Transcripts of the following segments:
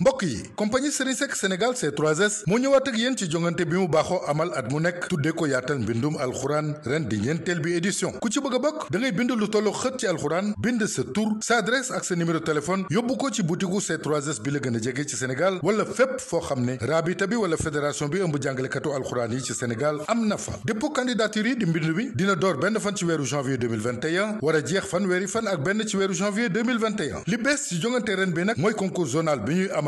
mbokk yi compagnie Serigne Seck Sénégal c 3 moo ñëwaat ak yéen ci jongante bi mu baaxoo amal at mu nekk tuddee ko yaatal mbindum alxuraan ren di ñeenteel bi édition ku ci bëgg a bokk da bind lu tollu xët ci alxuraan bind sa tur sa adresse ak sa numéro téléphone yóbbu ko ci butiku c 3 bi la gën a jege ci Sénégal wala fépp foo xam ne raabita bi wala fédération bi ëmb jàngalekatu alxuraan yi ci Sénégal am na fa dépôt candidature yi di mbind bi dina door benn fan ci weeru a jeex fan weeri fan benn ci weeru janvier 2021 li bees ci jongante ren bi nag mooy concours bi ñuy am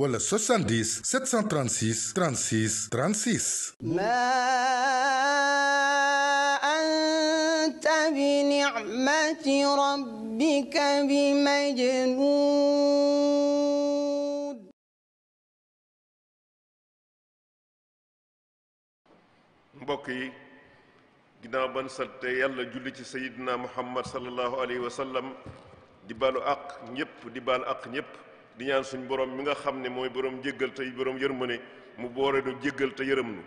wala 70 736 36 36. anta bi ni'mati rabbika bi majnuun. mbokk yi ginnaaw ban sant yàlla julli ci sayidina muhammad sallallahu alayhi wa sallam di baalu àq ñëpp di baal àq ñëpp. di ñaan suñu borom mi nga xam ne mooy borom jéggal tey borom yërmande mu boore du jéggal te yërëm nu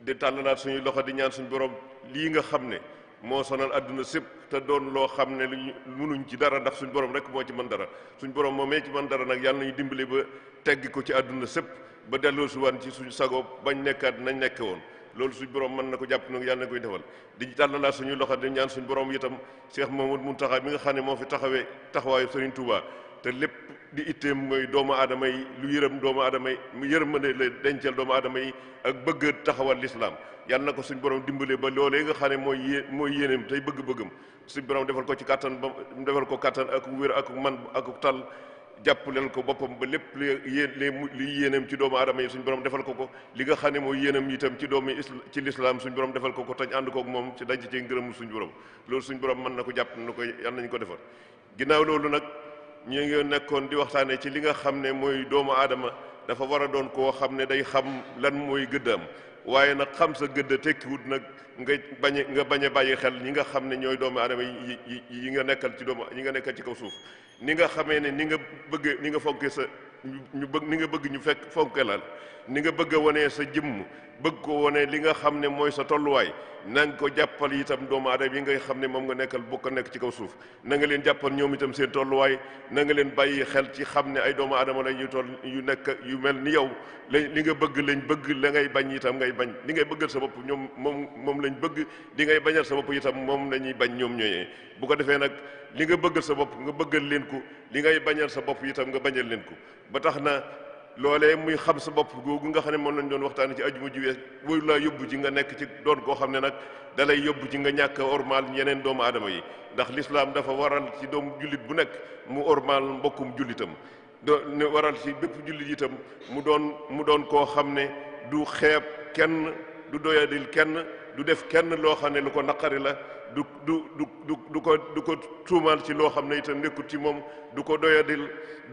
di tàllalaat suñuy loxo di ñaan suñ borom lii nga xam ne moo sonal àdduna sépp te doon loo xam ne luñ ci dara ndax suñ borom rek moo ci mën dara suñ borom moo mee ci mën dara nag yàlla nañu dimbali ba teggi ko ci àdduna sépp ba delloo si waan ci suñu sagoo bañ nekkaat nañ nekke woon loolu suñ borom mën na ko jàpp nag yàlla na koy di tàllalaat suñuy loxo di ñaan suñ borom itam Cheikh Mamadou Mountakha mi nga xam ne moo fi taxawee taxawaayu Serigne Touba te lépp di itteem mooy doomu aadama yi lu yërëm doomu aadama yi mu yërëmande la dencal doomu adama yi ak bëgg taxawal lislaam yan na ko suñ borom dimbale ba loolee nga xam ne mooy yé mooy yéeneem tey bëgg-bëggam suñ borom defal ko ci kattan ba defal ko kattan ak wér ak man ak tal jàppaleel ko boppam ba lépp li yéen li yéeneem ci doomu aadama yi suñ borom defal ko ko li nga xam ne mooy yéenam itam ci doomu ci lislaam suñ borom defal ko ko tañ ànd kook moom ci dañ ci ngërëmu suñ borom loolu suñ borom mën na ko jàpp na ko yan nañ ko defal ginnaaw loolu nag ñu ngi nekkoon di waxtaane ci li nga xam ne mooy doomu aadama dafa war a doon koo xam ne day xam lan mooy gëddam waaye nag xam sa gëdd tekkiwut nag nga bañ nga bañ a bàyyi xel ñi nga xam ne ñooy doomu aadama yi yi nga nekkal ci doomu yi nga nekkal ci kaw suuf ni nga xamee ne ni nga bëgge ni nga fonkee sa ñu bëgg ni nga bëgg ñu fekk fonke la ni nga bëgg a wane sa jëmm bëgg ko wane li nga xam ne mooy sa tolluwaay na ko jàppal itam doomu aadama yi ngay xam ne moom nga nekkal bokk nekk ci kaw suuf nanga leen jàppal ñoom itam seen tolluwaay na nga leen bàyyi xel ci xam ne ay doomu aadama la ñu toll yu nekk yu mel ni yow lañ li nga bëgg lañ bëgg la ngay bañ itam ngay bañ li ngay bëggal sa bopp ñoom moom moom lañ bëgg li ngay bañal sa bopp itam moom la ñuy bañ ñoom ñooyee bu ko defee nag li nga bëggal sa bopp nga bëggal leen ko li ngay bañal sa bopp itam nga bañal leen ko ba tax na loolee muy xam sa bopp googu nga xam ne moom lañ doon waxtaane ci ajuma ji wees wóyu laa yóbbu ci nga nekk ci doon koo xam ne nag dalay yóbbu ci nga ñàkk ormaal yeneen doomu aadama yi ndax lislaam dafa waral ci doomu jullit bu nekk mu ormaal mbokkum jullitam do ne waral ci bépp jullit itam mu doon mu doon koo xam ne du xeeb kenn du doyadil kenn du def kenn loo xam ne lu ko naqari la du du du du ko du ko tuumaal ci loo xam ne itam nekkul ci moom du ko doyadil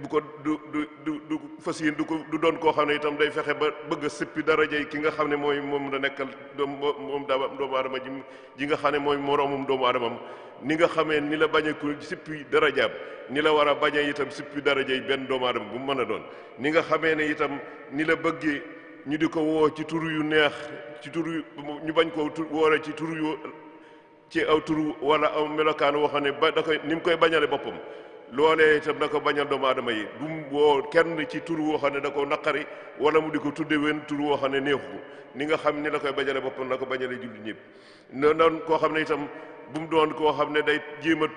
du ko du du du du fas yéen du ko doon koo xam ne itam day fexe ba bëgg a sippi daraja ki nga xam ne mooy moom la nekkal doom moom daa doomu aadama ji ji nga xam ne mooy moroomum doomu aadamam ni nga xamee ni la bañ a ku sippi darajaam ni la war a bañ a itam sippi daraja yi benn doomu aadama bu mu mën a doon ni nga xamee ne itam ni la bëggee ñu di ko woo ci tur yu neex ci tur yu ñu bañ koo woore ci tur yu ci aw tur wala aw melokaan woo xam ne ba da koy ni mu koy bañale boppam loolee itam na ko bañal doomu aadama yi du boo kenn ci tur woo xam ne da ko naqari wala mu di ko tudde wen tur woo xam ne neexu ni nga xam ni la koy bañale boppam na ko bañale jubli ñëpp noonu koo xam ne tam bu mu doon koo xam ne day jéem a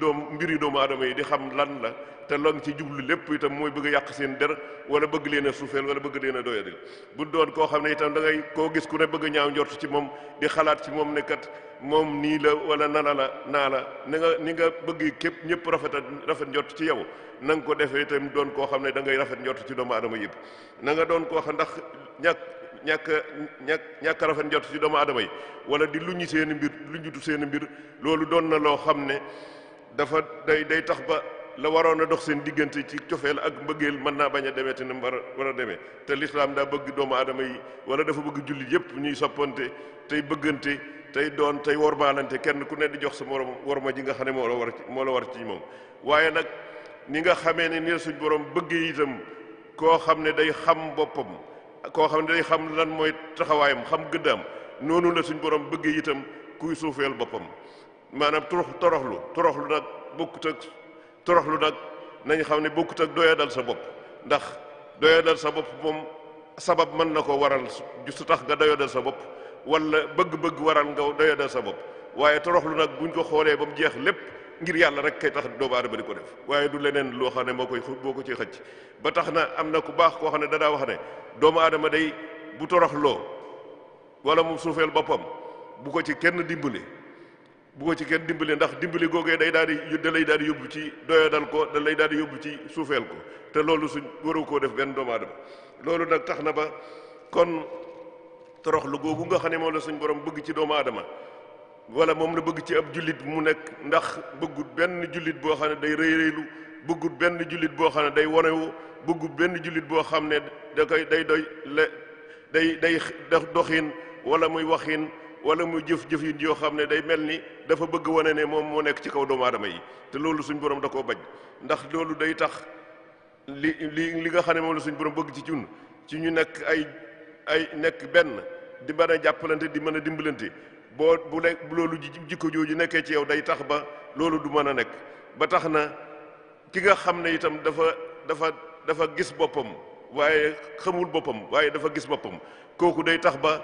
doom mbir mbiri doomu aadama yi di xam lan la te lang ci jublu lépp itam mooy bëgg yàq seen der wala bëgg leen a suufeel wala bëgg leen a doyadil bu doon koo xam ne itam da ngay koo gis ku ne bëgg ñaaw njort ci moom di xalaat ci moom ne kat moom nii la wala nana la naa la ni nga ni nga bëgg képp ñëpp rafet rafet njort ci yow na ko defee itam doon koo xam ne dangay rafet njort ci doomu aadama yëpp na nga doon koo xam ndax ñàkk ñàkk ñàkk ñàkk rafet njot ci doomu aadama yi wala di luñu seen mbir luñutu seen mbir loolu doon na loo xam ne dafa day day tax ba la waroon a dox seen diggante ci cofeel ak mbëggeel mën naa bañ a demee te ni mu war a demee te lislaam daa bëgg doomu aadama yi wala dafa bëgg jullit yépp ñuy soppante tey bëggante tey doon tey wormaalante kenn ku ne di jox sa morom worma ji nga xam ne moo la war moo la war ci moom waaye nag ni nga xamee ne ni la suñ borom bëggee itam koo xam ne day xam boppam koo xam ne day xam lan mooy taxawaayam xam gëddaam noonu la suñ borom bëggee itam kuy suufeel boppam maanaam torox toroxlu toroxlu nag bokkut ak toroxlu nag nañu xam ne bokkut ak doya dal sa bopp ndax doya dal sa bopp moom sabab mën na ko waral su tax nga doya dal sa bopp wala bëgg-bëgg waral nga doya dal sa bopp waaye toroxlu nag buñ ko xoolee ba mu jeex lépp ngir yàlla rek kay tax doomu aadama di ko def waaye du leneen loo xam ne moo koy boo ko ci xëcc ba tax na am na ku baax koo xam ne danaa wax ne doomu aadama day bu toroxloo wala mu suufeel boppam bu ko ci kenn dimbali bu ko ci kenn dimbali ndax dimbali googee day daal di da lay daal di yóbbu ci doyadal ko da lay daal di yóbbu ci suufeel ko te loolu suñ waru koo def benn doomu aadama loolu nag tax na ba kon toroxlu googu nga xam ne moom la suñ borom bëgg ci doomu aadama wala moom la bëgg ci ab jullit mu nekk ndax bëggut benn jullit boo xam ne day rëy rëylu bëggut benn jullit boo xam ne day wonewu bëggut benn jullit boo xam ne da koy day doy le day day doxin wala muy waxin wala muy jëf jëf yoo xam ne day mel ni dafa bëgg wane ne moom moo nekk ci kaw doomu aadama yi te loolu suñ borom da koo bañ ndax loolu day tax li li li nga xam ne moom la suñ borom bëgg ci cun ci ñu nekk ay ay nekk benn di mën jàppalante di mën a dimbalante boo bu ne loolu jikko jooju nekkee ci yow day tax ba loolu du mën a nekk ba tax na ki nga xam ne itam dafa dafa dafa gis boppam waaye xamul boppam waaye dafa gis boppam kooku day tax ba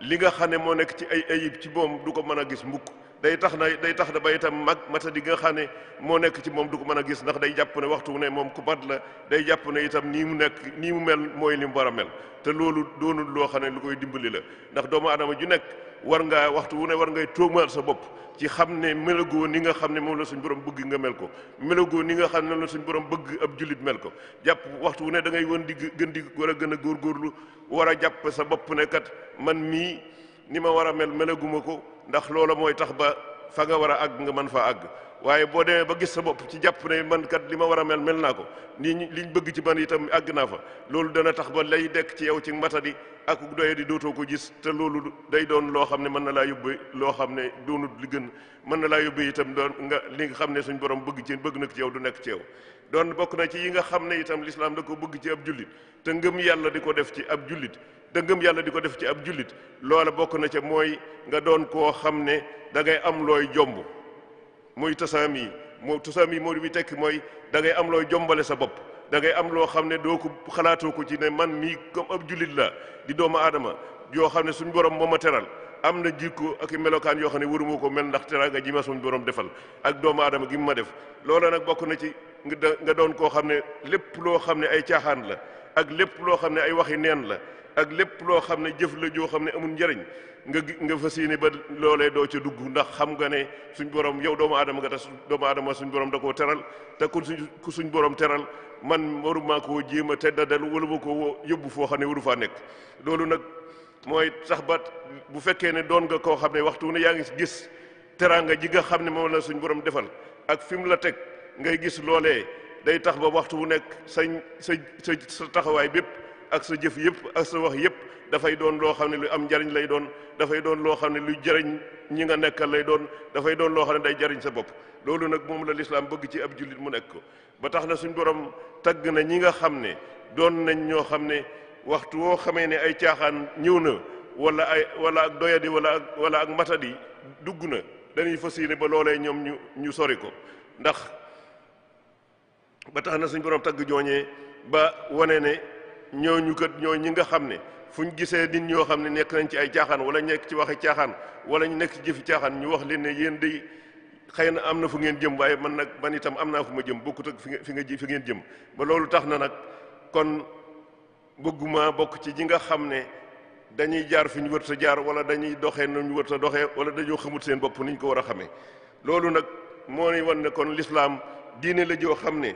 li nga xam ne moo nekk ci ay ayib ci moom du ko mën a gis mbukk day tax na day tax na ba itam mag mata di nga xam moo nekk ci moom du ko mën a gis ndax day jàpp ne waxtu ne moom ku mat la day jàpp ne itam nii mu nekk nii mu mel mooy ni mu war a mel te loolu doonul loo xam ne lu koy dimbali la ndax doomu aadama ju nekk war ngaa waxtu wu ne war ngay tuumaal sa bopp ci xam ne melagoo ni nga xam ne moom la suñ borom bëgg nga mel ko melagoo ni nga xam ne moom la suñ borom bëgg ab jullit mel ko jàpp waxtu wu ne da ngay woon di gën digg war a gën a góorgóorlu war a jàpp sa bopp ne kat man mii ni ma war a mel melaguma ko ndax loola mooy tax ba fa nga war a àgg nga mën faa àgg waaye boo demee ba gis sa bopp ci jàpp ne man kat li ma war a mel mel naa ko nii liñ bëgg ci man itam àgg naa fa loolu dana tax ba lay dekk ci yow ci matadi ak doye di dootoo ko gis te loolu day doon loo xam ne mën na laa yóbbu loo xam ne doonut li gën mën na laa yóbbu itam doon nga li nga xam ne suñ borom bëgg ci bëgg na ci yow du nekk ci yow doon bokk na ci yi nga xam ne itam lislaam da ko bëgg ci ab jullit te ngëm yàlla di ko def ci ab jullit te yàlla di ko def ci ab jullit loola bokk na ca mooy nga doon koo xam ne dangay ngay am looy jomb muy tasaam yi moo tasaam yi moo di muy tekk mooy da ngay am looy jombale sa bopp da ngay am loo xam ne doo ko xalaatoo ko ci ne man mii comme ab jullit la di doomu aadama yoo xam ne suñu borom moo ma teral am na jikko ak melokaan yoo xam ne waruma ko mel ndax teraanga ji ma suñ borom defal ak doomu aadama gi mu ma def loola nag bokk na ci nga doon koo xam ne lépp loo xam ne ay caaxaan la ak lépp loo xam ne ay waxi neen la ak lépp loo xam ne jëf la joo xam ne amul njëriñ nga gi nga fas yéene ba loolee doo ca dugg ndax xam nga ne suñ borom yow doomu aadama nga tax doomu aadama suñ borom da koo teral te ku suñ ku suñ borom teral man waruma koo jéem a te dadal wala ma koo yóbbu foo xam ne waru faa nekk loolu nag mooy sax ba bu fekkee ne doon nga koo xam ne waxtu ne yaa ngi gis teraanga ji nga xam ne moom la suñ borom defal ak fi mu la teg ngay gis loolee day tax ba waxtu bu nekk sañ sa sa taxawaay bépp ak sa jëf yëpp ak sa wax yëpp dafay doon loo xam ne lu am njariñ lay doon dafay doon loo xam ne lu jariñ ñi nga nekkal lay doon dafay doon loo xam ne day jariñ sa bopp loolu nag moom la lislaam bëgg ci ab jullit mu nekk ko ba tax na suñu borom tagg na ñi nga xam ne doon nañ ñoo xam ne waxtu woo xamee ne ay caaxaan ñëw na wala ay wala ak doyadi wala ak wala ak matadi dugg na dañuy fas yéene ba loolee ñoom ñu ñu sori ko ndax ba tax na suñ boroom tagg jooñee ba wane ne ñooñu kat ñoo ñi nga xam ne fu ñu gisee nit ñoo xam ne nekk nañ ci ay caaxaan wala nekk ci waxi caaxaan wala ñu nekk ci jëfi caaxaan ñu wax leen ne yéen day xëy na am na fu ngeen jëm waaye man nag man itam am naa fu ma jëm bokkut ak fi nga nga ji fi ngeen jëm ba loolu tax na nag kon bëgguma bokk ci ji nga xam ne dañuy jaar fu ñu wër sa jaar wala dañuy doxee nu ñu wër sa doxee wala dañoo xamut seen bopp ni ñu ko war a xamee loolu nag moo ni wan ne kon lislaam diine la joo xam ne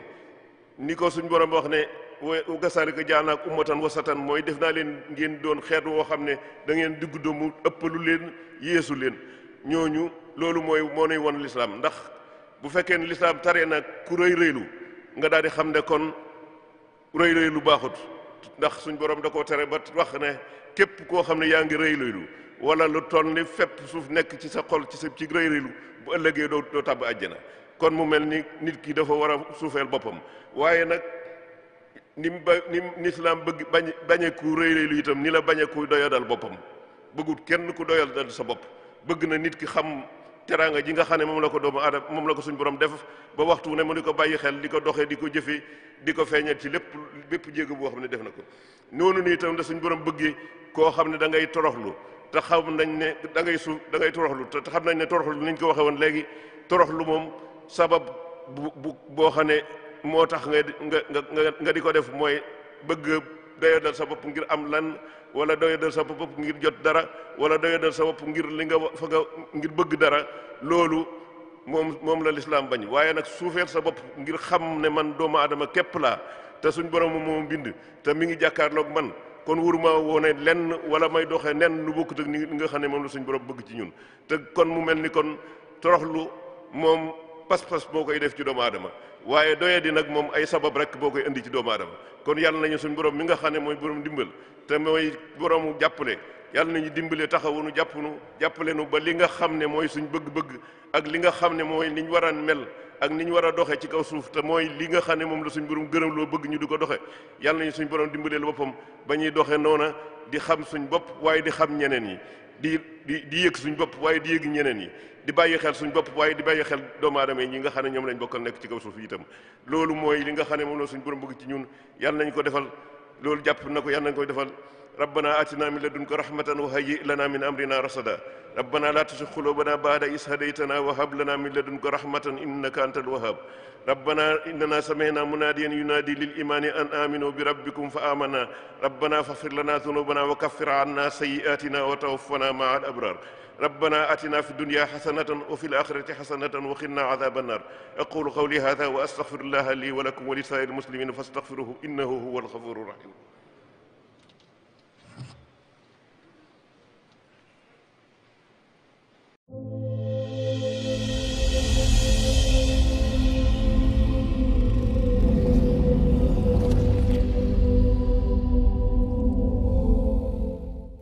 ni ko suñ borom wax ne wa kasalika jaanaak ummatan wasatan mooy def naa leen ngeen doon xeet woo xam ne da ngeen diggu doomu ëppalu leen yéesu leen ñooñu loolu mooy moo ne won lislaam ndax bu fekkee ne lislaam taree nag ku rëy rëylu nga daal di xam ne kon rëy rëylu baaxut ndax suñ borom da koo tere ba wax ne képp koo xam ne yaa ngi rëy rëylu wala lu toll ni fépp suuf nekk ci sa xol ci sa ci rëy rëylu bu ëllëgee doo doo tàbb àjjana kon mu mel ni nit ki dafa war a suufeel boppam waaye nag ni mu ba ni mu lislaam bëgg bañ bañe ku rëy rëy lu itam ni la bañe ku doyadal boppam bëggut kenn ku doyal doyadal sa bopp bëgg na nit ki xam teraanga ji nga xam ne moom la ko doomu aadama moom la ko suñu borom def ba waxtu ne mu di ko bàyyi xel di ko doxee di ko jëfe di ko feeñal ci lépp lépp jéego boo xam ne def na ko noonu nii itam da suñu borom bëggee koo xam ne da ngay toroxlu te xam nañ ne da ngay suuf da ngay toroxlu te xam nañ ne toroxlu ni ñu ko waxee woon léegi toroxlu moom sabab bu boo xam ne moo tax nga nga nga di ko def mooy bëgg doyadal sa bopp ngir am lan wala doyadal sa bopp ngir jot dara wala doyadal sa bopp ngir li nga fa nga ngir bëgg dara loolu moom moom la lislaam bañ waaye nag suufeel sa bopp ngir xam ne man doomu aadama képp laa te suñ borom moom mbind te mi ngi jàkkaarloog man kon wuruma woone lenn wala may doxee nen lu bokkut ak ni nga xam ne moom la suñ borom bëgg ci ñun te kon mu mel ni kon toroxlu moom pas-pas boo koy def ci doomu aadama waaye doye di nag moom ay sabab rek boo koy indi ci doomu aadama kon yàlla nañu suñu borom mi nga xam ne mooy borom dimbal te mooy borom jàppale yàlla nañu dimbale taxawunu jàppunu jàppale nu ba li nga xam ne mooy suñ bëgg-bëgg ak li nga xam ne mooy niñ war a mel ak niñ war a doxee ci kaw suuf te mooy li nga xam ne moom la suñ borom gërëm loo bëgg ñu du ko doxe yàlla ñu suñ borom dimbaleel boppam ba ñuy doxe noona di xam suñ bopp waaye di xam ñeneen yi di di di yëg suñ bopp waaye di yëg ñeneen yi di bàyyi xel suñu bopp waaye di bàyyi xel doomu aadama yi ñi nga xam ne ñoom lañ bokkal nekk ci kaw suuf itam loolu mooy li nga xam ne moom la suñ borom bëgg ci ñun yàlla nañ ko defal loolu jàpp na ko yàlla nañ koy defal ربنا آتنا من لدنك رحمة وهيئ لنا من أمرنا رشدا ربنا لا تزغ قلوبنا بعد إذ هديتنا وهب لنا من لدنك رحمة إنك أنت الوهاب ربنا إننا سمعنا مناديا ينادي للإيمان أن آمنوا بربكم فآمنا ربنا فاغفر لنا ذنوبنا وكفر عنا سيئاتنا وتوفنا مع الأبرار ربنا آتنا في الدنيا حسنة وفي الآخرة حسنة وقنا عذاب النار أقول قولي هذا وأستغفر الله لي ولكم ولسائر المسلمين فاستغفروه إنه هو الغفور الرحيم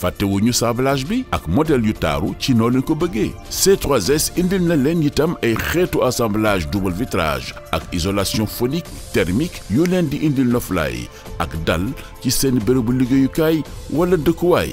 fàttewuñu sablage bi ak modèle yu taaru ci noo leen ko bëggee C3S indil na leen itam ay xeetu assemblage double vitrage ak isolation phonique thermique yu leen di indil noflaay ak dal ci seen bërëbu liggéeyukaay wala dëkkuwaay